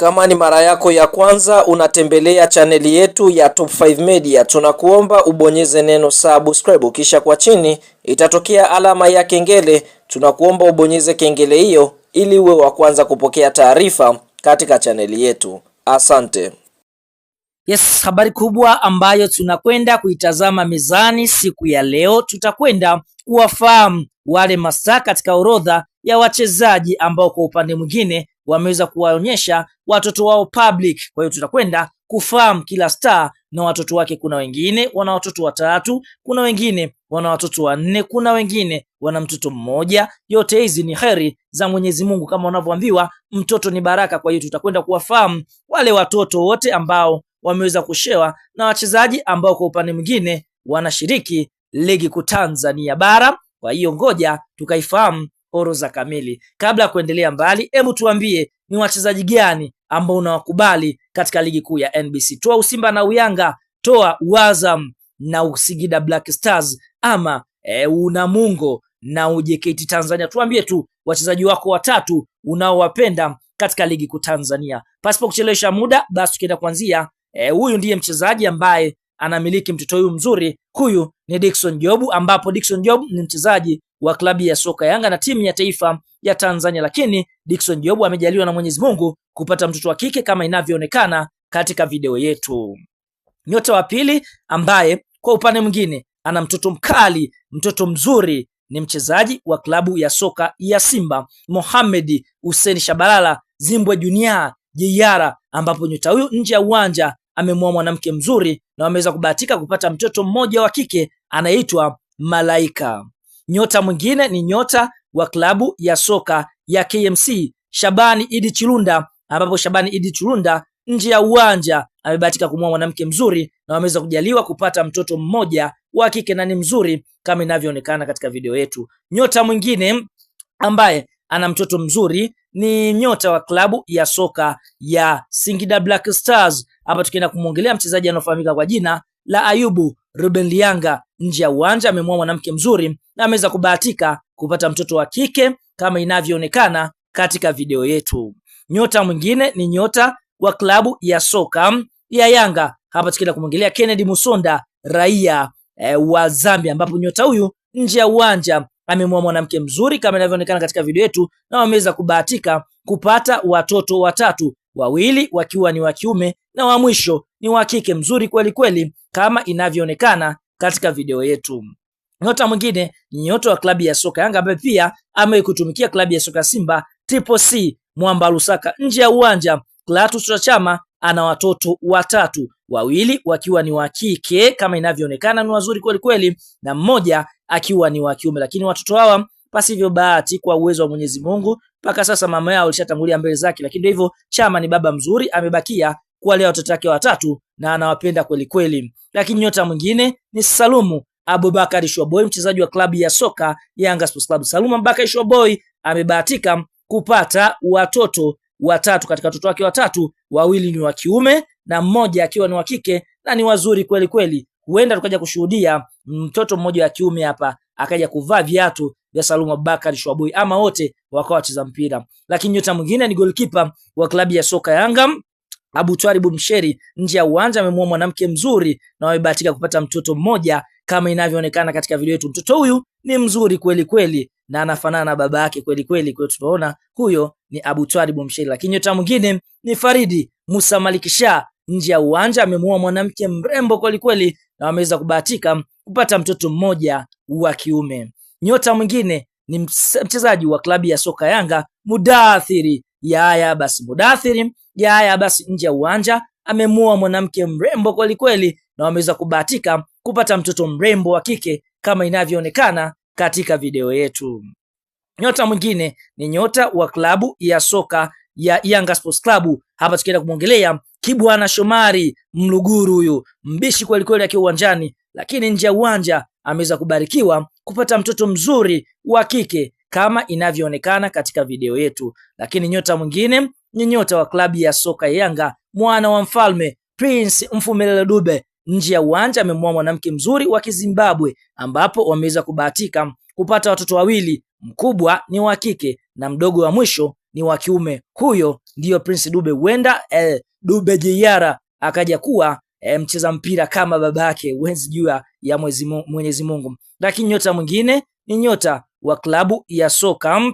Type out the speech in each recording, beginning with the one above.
Kama ni mara yako ya kwanza unatembelea chaneli yetu ya Top 5 Media, tunakuomba ubonyeze neno subscribe, kisha kwa chini itatokea alama ya kengele. Tunakuomba ubonyeze kengele hiyo ili uwe wa kwanza kupokea taarifa katika chaneli yetu. Asante. Yes, habari kubwa ambayo tunakwenda kuitazama mezani siku ya leo, tutakwenda kuwafahamu wale mastaa katika orodha ya wachezaji ambao kwa upande mwingine wameweza kuwaonyesha watoto wao public. Kwa hiyo tutakwenda kufahamu kila star na watoto wake. Kuna wengine wana watoto watatu, kuna wengine wana watoto wanne, kuna wengine wana mtoto mmoja. Yote hizi ni heri za Mwenyezi Mungu, kama wanavyoambiwa mtoto ni baraka. Kwa hiyo tutakwenda kuwafahamu wale watoto wote ambao wameweza kushewa na wachezaji ambao kwa upande mwingine wanashiriki ligi kuu Tanzania bara. Kwa hiyo ngoja tukaifahamu orodha kamili. Kabla ya kuendelea mbali, hebu tuambie ni wachezaji gani ambao unawakubali katika ligi kuu ya NBC? Toa Usimba na Uyanga, toa Wazam na Usigida Black Stars ama e, Unamungo na UJKT Tanzania. Tuambie tu wachezaji wako watatu unaowapenda katika ligi kuu Tanzania. Pasipo kuchelewesha muda, basi tukienda kuanzia e, huyu ndiye mchezaji ambaye anamiliki mtoto huyu mzuri. Huyu ni Dickson Job, ambapo Dickson Job ni mchezaji wa klabu ya soka Yanga na timu ya taifa ya Tanzania, lakini Dickson job amejaliwa na Mwenyezi Mungu kupata mtoto wa kike kama inavyoonekana katika video yetu. Nyota wa pili ambaye kwa upande mwingine ana mtoto mkali, mtoto mzuri ni mchezaji wa klabu ya soka ya Simba Mohamed Hussein Shabalala Zimbwe Junior Jeiara, ambapo nyota huyu nje ya uwanja amemwoa mwanamke mzuri na wameweza kubahatika kupata mtoto mmoja wa kike anayeitwa Malaika. Nyota mwingine ni nyota wa klabu ya soka ya KMC Shabani Idi Chirunda, ambapo Shabani Idi Chirunda nje ya uwanja amebahatika kumua mwanamke mzuri na wameweza kujaliwa kupata mtoto mmoja wa kike na ni mzuri kama inavyoonekana katika video yetu. Nyota mwingine ambaye ana mtoto mzuri ni nyota wa klabu ya soka ya Singida Black Stars. Hapa tukienda kumwongelea mchezaji anaofahamika kwa jina la Ayubu Ruben Lianga nje ya uwanja amemwoa mwanamke mzuri na ameweza kubahatika kupata mtoto wa kike kama inavyoonekana katika video yetu. Nyota mwingine ni nyota wa klabu ya soka ya Yanga, hapa tukienda kumwongelea Kennedy Musonda, raia e, wa Zambia, ambapo nyota huyu nje ya uwanja amemwoa mwanamke mzuri kama inavyoonekana katika video yetu, na wameweza kubahatika kupata watoto watatu wawili wakiwa ni wa kiume na wa mwisho ni wa kike, mzuri kweli kweli kama inavyoonekana katika video yetu. Nyota mwingine ni nyota wa klabu ya soka Yanga ambaye pia amekutumikia klabu ya soka Simba Tipo C Mwamba Lusaka nje ya uwanja. Clatous Chama ana watoto watatu, wawili wakiwa ni wa kike kama inavyoonekana ni wazuri kweli kweli, na mmoja akiwa ni wa kiume, lakini watoto hawa pasivyo bahati kwa uwezo wa Mwenyezi Mungu. Mpaka sasa mama yao alishatangulia mbele zake, lakini ndio hivyo, Chama ni baba mzuri, amebakia kuwalea watoto wake watatu na anawapenda kweli kweli. Lakini nyota mwingine ni Salumu Abubakar Shoboy, mchezaji wa klabu ya soka Yanga Sports Club. Salumu Abubakar Shoboy amebahatika kupata watoto watatu. Katika watoto wake watatu, wawili ni wa kiume na mmoja akiwa ni wa kike, na ni wazuri kweli kweli. Huenda tukaja kushuhudia mtoto mmoja wa kiume hapa akaja kuvaa viatu vya Salum Abubakar Shwaboi, ama wote wakawa wacheza mpira. Lakini nyota mwingine ni goalkeeper wa klabu ya soka Yanga Abu Twaribu Msheri, nje ya uwanja amemua mwanamke mzuri na wamebahatika kupata mtoto mmoja kama inavyoonekana katika video yetu. Mtoto huyu ni mzuri kweli kweli na anafanana na baba yake kweli kweli, kwa hiyo tunaona huyo ni Abu Twaribu Msheri. Lakini nyota mwingine ni Faridi Musa Malikisha, nje ya uwanja amemua mwanamke mrembo kweli kweli na wameweza kubahatika kupata mtoto mmoja wa kiume. Nyota mwingine ni mchezaji wa klabu ya soka Yanga Mudathiri Yahya basi Mudathiri Yahya basi nje ya uwanja amemua mwanamke mrembo kwelikweli, na wameweza kubahatika kupata mtoto mrembo wa kike kama inavyoonekana katika video yetu. Nyota mwingine ni nyota wa klabu ya soka ya Yanga Sports Club. Hapa tukienda kumwongelea Kibwana Shomari Mluguru, huyu mbishi kwelikweli akiwa uwanjani, lakini nje ya uwanja ameweza kubarikiwa kupata mtoto mzuri wa kike kama inavyoonekana katika video yetu. Lakini nyota mwingine ni nyota wa klabu ya soka Yanga, mwana wa mfalme Prince mfumelelo Dube nje ya uwanja amemwoa mwanamke mzuri wa Kizimbabwe ambapo wameweza kubahatika kupata watoto wawili, mkubwa ni wa kike na mdogo wa mwisho ni wa kiume. Huyo ndiyo Prince Dube, huenda eh, Dube Jeyara akaja kuwa e, mcheza mpira kama baba yake huwezi jua ya Mwenyezi Mungu. Lakini nyota mwingine ni nyota wa klabu ya soka mm,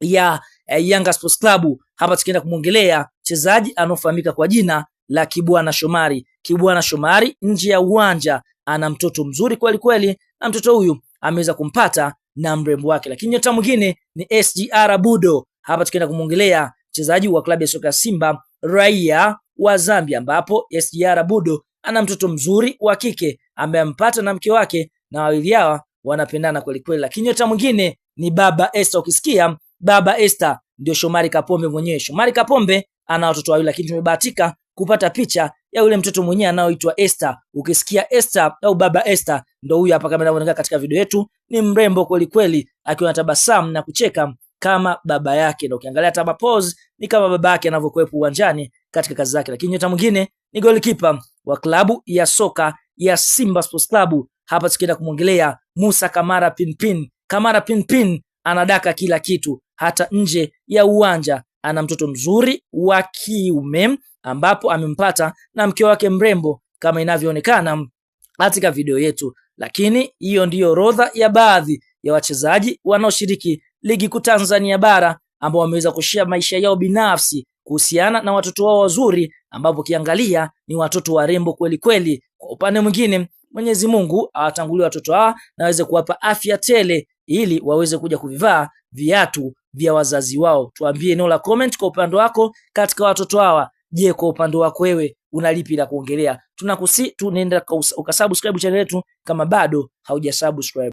ya e, Yanga Sports Club. Hapa tukienda kumwongelea mchezaji anaofahamika kwa jina la Kibwana Shomari. Kibwana Shomari nje ya uwanja ana mtoto mzuri kweli kweli, na mtoto huyu ameweza kumpata na mrembo wake. Lakini nyota mwingine ni SGR Budo. Hapa tukienda kumwongelea mchezaji wa klabu ya soka ya Simba raia wa Zambia, ambapo SGR Budo ana mtoto mzuri wa kike ambaye ampata na mke wake na wawili hawa wanapendana kwelikweli, lakini nyota mwingine ni Baba Esther. Ukisikia Baba Esther ndio Shomari Kapombe mwenyewe. Shomari Kapombe ana watoto wawili, lakini tumebahatika kupata picha ya yule mtoto mwenyewe anaoitwa Esther. Ukisikia Esther au Baba Esther, ndio huyu hapa kama inavyoonekana katika video yetu, ni mrembo kwelikweli, akiwa na tabasamu na kucheka kama baba yake, na ukiangalia hata mapose ni kama baba yake anavyokuwepo uwanjani katika kazi zake. Lakini nyota mwingine ni golikipa wa klabu ya soka ya Simba Sports Club. Hapa tukienda kumwongelea Musa Kamara Pinpin. Kamara Pinpin anadaka kila kitu, hata nje ya uwanja. Ana mtoto mzuri wa kiume ambapo amempata na mke wake mrembo kama inavyoonekana katika video yetu. Lakini hiyo ndiyo orodha ya baadhi ya wachezaji wanaoshiriki ligi kuu Tanzania bara ambao wameweza kushia maisha yao binafsi kuhusiana na watoto wao wazuri, ambapo ukiangalia ni watoto warembo kweli kweli. Kwa upande mwingine, Mwenyezi Mungu awatangulie watoto hawa na aweze kuwapa afya tele ili waweze kuja kuvivaa viatu vya wazazi wao. Tuambie eneo la comment kwa upande wako katika watoto hawa. Je, kwa upande wako wewe una lipi la kuongelea? Tunakusi tunaenda ukasubscribe channel yetu kama bado haujasubscribe.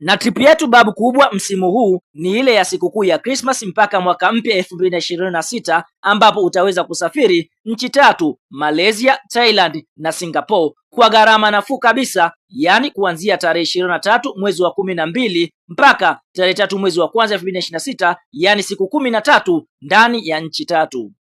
Na trip yetu babu kubwa msimu huu ni ile ya sikukuu ya Christmas mpaka mwaka mpya 2026 ambapo utaweza kusafiri nchi tatu Malaysia, Thailand na Singapore kwa gharama nafuu kabisa, yaani kuanzia tarehe ishirini na tatu mwezi wa kumi na mbili mpaka tarehe tatu mwezi wa kwanza 2026, yaani siku kumi na tatu ndani ya nchi tatu.